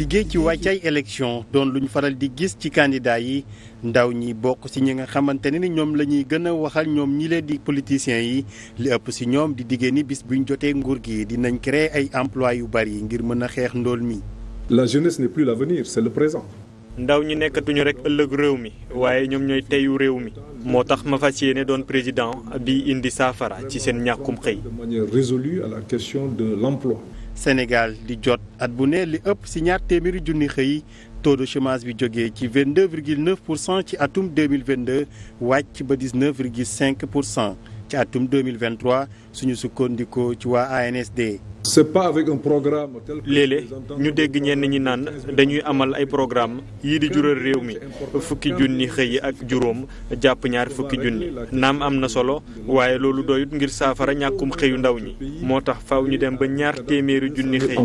liggéey ci ay élection doon lu ñu faral di gis ci candidat yi ndaw ñi bokk ci ñi nga xamante ne ni ñoom la ñuy gën a waxal ñoom ñi leen di politiciens yi li ëpp ci ñoom di diggée ni bis ñu jotee nguur gi dinañ créer ay emplois yu bari ngir mën a xeex ndool mi. la jeunesse n'est plus l'avenir, ndaw ñi nekkatuñu rek ëllëg réew mi waaye ñoom ñooy teyu réew mi moo tax ma fas yéene doon président bi indi saafara ci seen ñàkkum xëy. de manière résolue à la de l'emploi. Sénégal di jot at bu ne li ëpp si ñaar téeméeri junni xëy taux de chômage bi jógee ci 22 virgule 9 pour cent ci atum 2022 wàcc ba 19 virgule 5 pour cent ci atum 2023 suñu sukkandikoo ci waa ANSD. léeg-léeg ñu dégg ñenn ñi naan dañuy amal ay programme yii di jural réew mi fukki junni xëy ak juróom jàpp ñaar fukki junni naam am na solo waaye loolu doyut ngir saafara ñàkkum xëyu ndaw ñi moo tax faw ñu dem ba ñaar téeméeri junni xëy.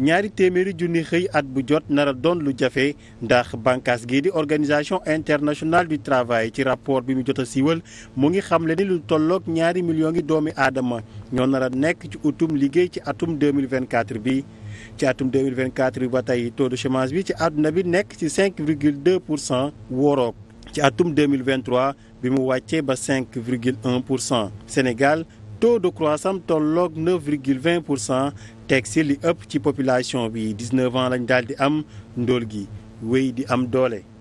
ñaari téeméeri junni xëy at bu jot nara doon lu jafe ndax bànqaas gii di organisation internationale du travail ci rapport bi mu jot a siiwal mu ngi xamle ni lu tolloog ñaari millions ngi doomi aadama. ñoo nar nekk ci utum liggéey ci atum 2024 bi ci atum 2024 bi ba tey taux de chômage bi ci àdduna bi nekk ci 5 virgule 2 pour cent wóoroog ci atum 2023 bi mu wàccee ba 5 virgule 1 pour cent Sénégal taux de croissance tolloog 9 virgule 20 pour cent teg si li ëpp ci population bi 19 ans lañ daal di am ndool gi wéy di am doole.